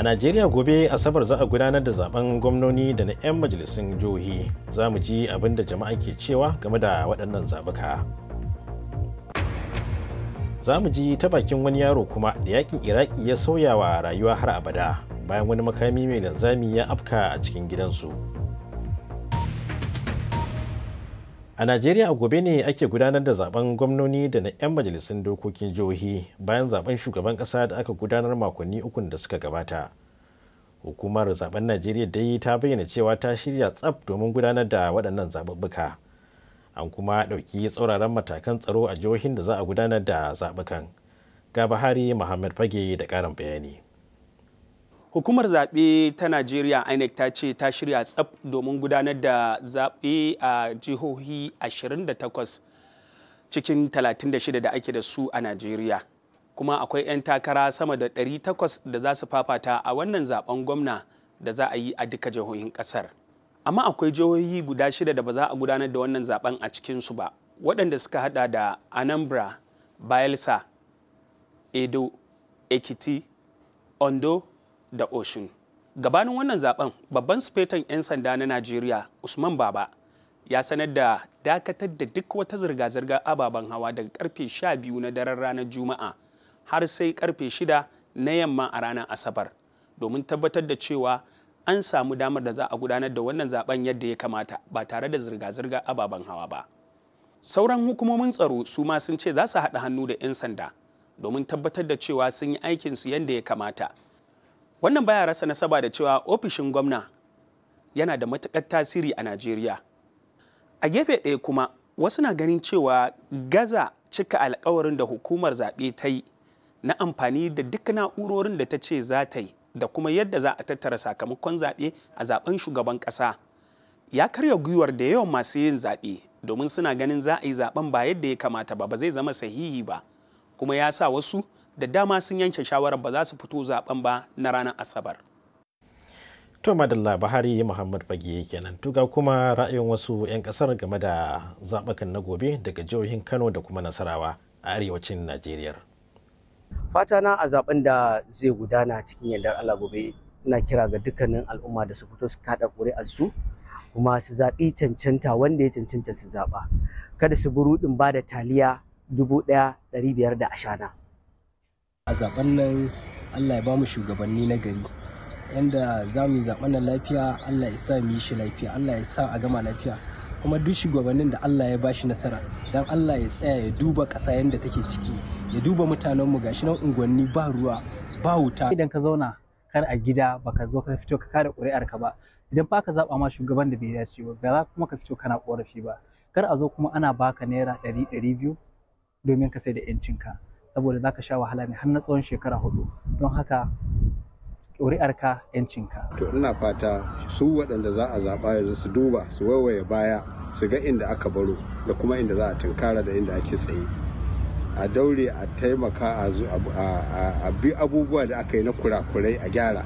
a najeriya gobe asabar za a gudanar da zaben gwamnoni da na 'yan majalisun jihohi za mu ji abin da jama'a ke cewa game da waɗannan zabuka za mu ji ta bakin wani yaro kuma da yakin iraki ya sauya wa rayuwa har abada bayan wani makami mai linzami ya afka a cikin gidansu a najeriya gobe ne ake gudanar da zaben gwamnoni da na 'yan majalisun dokokin jihohi bayan zaben shugaban kasa da aka gudanar makonni ukun da suka gabata hukumar zaben najeriya dai ta bayyana cewa ta shirya tsaf domin gudanar da waɗannan zaɓuɓɓuka an kuma ɗauki tsauraran matakan tsaro a jihohin da za a gudanar da zaɓukan ga bahari muhammad fage da ƙarin bayani Hukumar zaɓe ta Najeriya INEC ta ce ta shirya tsaf domin gudanar da zaɓe a jihohi 28 cikin 36 da ake da su a Najeriya. Kuma akwai 'yan takara sama da 800 da za su fafata a wannan zaɓen gwamna da za a yi a duka jihohin ƙasar. Amma akwai jihohi guda shida da ba za a gudanar da wannan zaben a cikinsu ba, waɗanda suka haɗa da Anambra, Bayelsa, Edo, Ekiti, Ondo, da oshun gabanin wannan zaben babban sufetan 'yan sanda na najeriya usman baba ya sanar da dakatar da duk wata zirga-zirga ababen hawa daga karfe 12 na daren ranar juma'a har sai karfe 6 na yamma a ranar asabar domin tabbatar da cewa an samu damar da za a gudanar da wannan zaben yadda ya kamata ba tare da zirga-zirga ababen hawa ba sauran hukumomin tsaro su ma sun ce za su haɗa hannu da 'yan sanda domin tabbatar da cewa sun yi aikinsu yadda ya kamata wannan baya rasa nasaba da cewa ofishin gwamna yana da matuƙar tasiri a najeriya a gefe ɗaya kuma wasu na ganin cewa gaza cika alkawarin da hukumar zaɓe ta yi na amfani da duk na'urorin da ta ce za ta yi da kuma yadda za a tattara sakamakon zaɓe a zaɓen shugaban ƙasa ya karya gwiwar da yawan masu yin zaɓe domin suna ganin za a yi zaɓen ba yadda ya kamata ba ba zai zama sahihi ba kuma ya sa wasu da dama sun yanke shawarar ba za su fito zaben ba na ranar asabar to madalla bahari muhammad bage kenan tuga kuma ra'ayin wasu 'yan kasar game da zaɓakan na gobe daga jihohin kano da kuma nasarawa a arewacin najeriya fata na a zaben da zai gudana cikin yardar allah gobe na kira ga dukkanin al'umma da su fito su kada ƙuri'ar su kuma su zaɓi cancanta wanda ya cancanta su zaɓa kada su buruɗin ba da taliya dubu ɗaya ɗari biyar da ashana a zaben nan allah ya bamu shugabanni na gari yadda za mu yi zaben nan lafiya allah ya sa mu yi shi lafiya allah ya sa a gama lafiya kuma duk shugabannin da allah ya bashi nasara don allah ya tsaya ya duba ƙasa yadda take ciki ya duba mutanenmu shi na unguwanni ba ruwa ba wuta idan ka zauna kar a gida baka zo ka fito ka kada ka ba idan ba ka zaɓa ma shugaban da bai dace ba ba za kuma ka fito kana ƙorafi ba kar a zo kuma ana baka naira ɗari ɗari biyu domin ka sai da 'yancinka saboda ka sha wahala ne har na tsawon shekara hudu don haka ka yancin ka. to ina fata su waɗanda za a zaɓa yanzu su duba su waiwaye baya su ga inda aka baro da kuma inda za a tunkara da inda ake tsaye a daure a taimaka a bi abubuwa da aka yi na kurakurai a gyara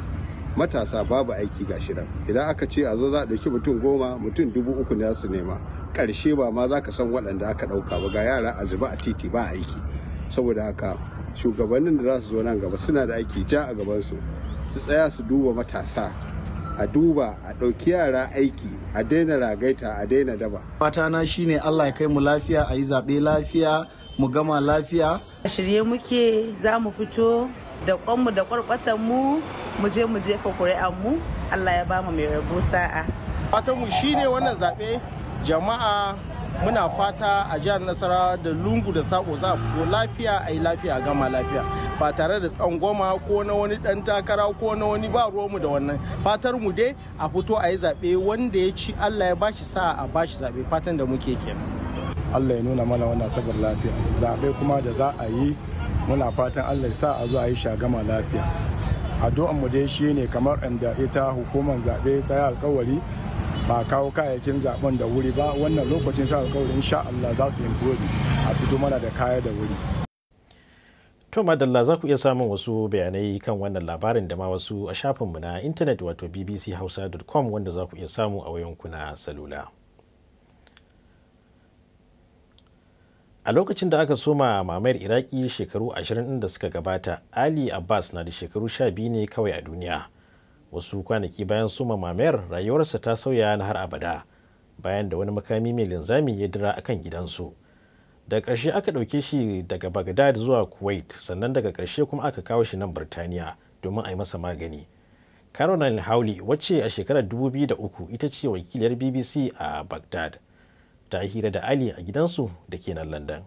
matasa babu aiki ga shirin idan aka ce a zo za a ɗauki mutum goma mutum dubu uku ne za su nema ƙarshe ba ma za ka san waɗanda aka ɗauka ba ga yara a zuba a titi ba aiki saboda haka shugabannin da za su zo nan gaba suna da aiki ja a gabansu su tsaya su duba matasa a duba a ɗauki yara aiki a daina ragaita a daina daba. fatana shine allah ya kai mu lafiya a yi zaɓe lafiya mu gama lafiya a shirye muke za mu fito da kwanmu da kwarkwatan mu mu je mu jefa kuri'an mu allah ya ba mu mai rabo sa'a fatanmu shine wannan zaɓe jama'a muna fata a jihar nasarawa da lungu da sako za a fito lafiya a yi lafiya gama lafiya ba tare da tsangwama ko na wani dan takara ko na wani ba mu da wannan fatar mu dai a fito a yi zaɓe wanda ya ci allah ya bashi sa'a a bashi zaɓe fatan da muke ke allah ya nuna mana wannan sabar lafiya zaɓe kuma da za a yi muna fatan allah ya sa a zo a yi shagama lafiya addu'an mu dai shine kamar inda ita hukumar zaɓe ta yi alkawari ba kawo kayayyakin zaben da wuri ba wannan lokacin sa alƙawarin sha Allah za su improve a fito mana da kaya da wuri to madalla za ku iya samun wasu bayanai kan wannan labarin da ma wasu a shafinmu na intanet wato bbchausa.com wanda za ku iya samu a wayanku na salula a lokacin da aka soma mamayar iraki shekaru 20 da suka gabata ali abbas na da shekaru 12 ne kawai a duniya wasu kwanaki bayan suma mamayar rayuwarsa ta sauya na har abada bayan da wani makami mai linzami ya dira a kan gidansu da ƙarshe aka ɗauke shi daga bagdad zuwa kuwait sannan daga ƙarshe kuma aka kawo shi nan birtaniya domin a yi masa magani caroline hawley wacce a shekarar 2003 ita ce wakiliyar bbc a bagdad ta hira da ali a gidansu da ke nan london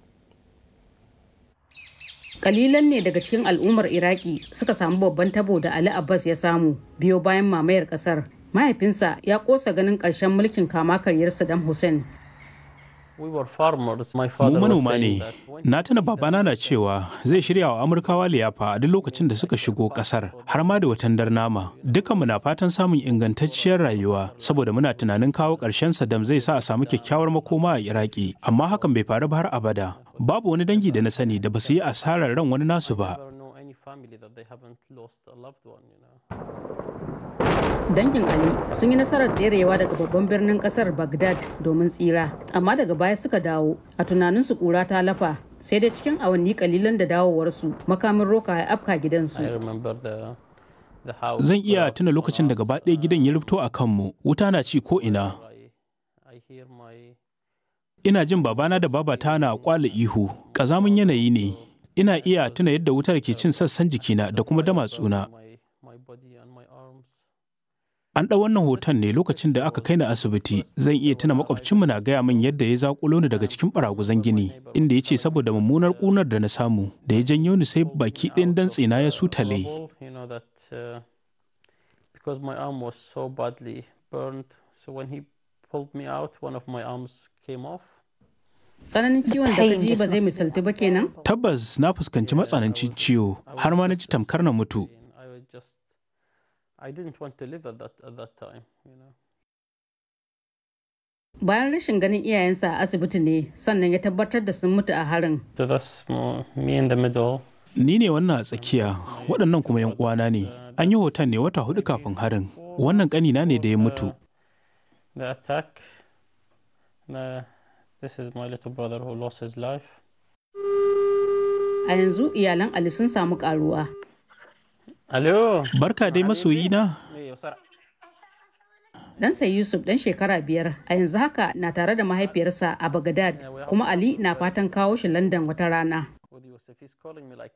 kalilan ne daga cikin al'ummar iraki suka samu babban tabo da ali abbas ya samu biyo bayan mamayar kasar mahaifinsa ya kosa ganin ƙarshen mulkin kama karyar saddam hussein mu manoma ne na tuna babana na cewa zai shirya wa amurkawa liyafa a duk lokacin da suka shigo kasar har ma da watandar nama Dukkanmu na fatan samun ingantacciyar rayuwa saboda muna tunanin kawo ƙarshen sadam zai sa a samu kyakkyawar makoma a iraki amma hakan bai faru ba har abada babu wani dangi da na sani da ba su yi asarar ran wani nasu ba dangin ali sun yi nasarar tserewa daga babban birnin kasar bagdad domin tsira amma daga baya suka dawo a tunaninsu kura ta lafa sai dai cikin awanni kalilan da dawowarsu makamin roka ya afka gidansu zan iya tuna lokacin da gaba gidan ya rubto a kanmu wuta na ci ko ina Ina jin babana da babata na kwala ihu, ƙazamin yanayi ne. Ina iya tuna yadda wutar ke cin sassan jikina da kuma dama tsuna An ɗau wannan hoton ne lokacin da aka kai ni asibiti, zan iya tuna makwabcinmu na gaya min yadda ya zaƙulo ni daga cikin baraguzan gini, inda ya ce saboda mummunar ƙunar da na samu, da ya janyo ni sai baki ɗin dantsina ya sutale. because my arm was so badly burned. So when he pulled me out, one of my arms tsananin ciwon da ji ba zai ba kenan? tabbas na fuskanci matsanancin ciwo har ma na ji tamkar na mutu bayan rashin ganin iyayensa a asibiti ne sannan ya tabbatar da sun mutu a harin ni ne wannan a tsakiya waɗannan kuma yan uwana ne an yi hoton ne wata hudu kafin harin wannan ƙanina ne da ya mutu The Uh, a yanzu iyalan ali sun samu karuwa Alo. Barka dai masoyi na. sai Yusuf ɗan shekara biyar a yanzu haka na tare da mahaifiyarsa a Bagdad kuma Ali na fatan kawo shi London wata rana.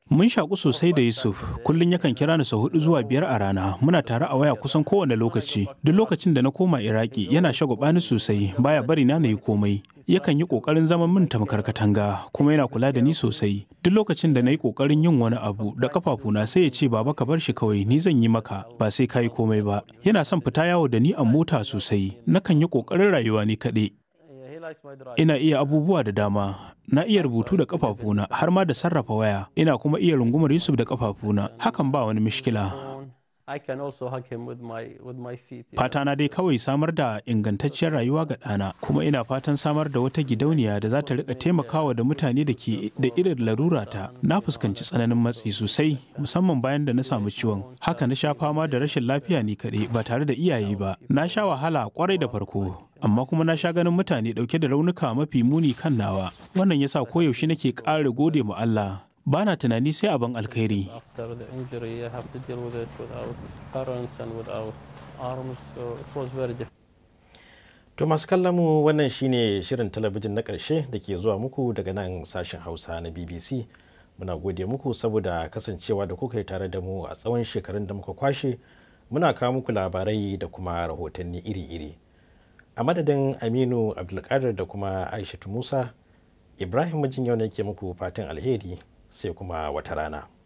Mun shaƙu sosai da Yusuf, kullum yakan kira ni sau hudu zuwa biyar a rana, muna tare a waya kusan kowane lokaci. Duk lokacin da na koma Iraki yana shagwaba ni sosai, baya bari na na yi komai. Yakan yi ƙoƙarin zaman min tamkar katanga, kuma yana kula da ni sosai. Duk lokacin da na yi ƙoƙarin yin wani abu da ƙafafuna sai ya ce baba ka bar shi kawai ni zan yi maka ba sai ka yi komai ba. Yana son fita yawo da ni a mota sosai, nakan yi ƙoƙarin rayuwa ni kaɗai. Ina iya abubuwa da dama, na iya rubutu da ƙafafuna har ma da sarrafa waya, ina kuma iya rungumar Yusuf da ƙafafuna, hakan ba wani mishkila. Fata na dai kawai samar da ingantacciyar rayuwa ga ɗana, kuma ina fatan samar da wata gidauniya da za ta riƙa taimakawa da mutane da ke da irin larura ta. Na fuskanci tsananin matsi sosai, musamman bayan da na samu ciwon. Haka na sha fama da rashin lafiya ni kaɗai ba tare da iyaye ba. Na sha wahala kwarai da farko. amma kuma na sha ganin mutane ɗauke da raunuka mafi muni kan nawa wannan yasa koyaushe nake ƙara gode ma Allah ba na tunani sai abin alkhairi to masu kallamu wannan shine shirin talabijin na ƙarshe da ke zuwa muku daga nan sashen hausa na bbc muna gode muku saboda kasancewa da kuka yi tare da mu a tsawon shekarun da muka kwashe muna kawo muku labarai da kuma rahotanni iri-iri a madadin aminu abdulkadir da kuma aisha musa ibrahim mijin yau ne ke muku fatan alheri sai kuma wata rana.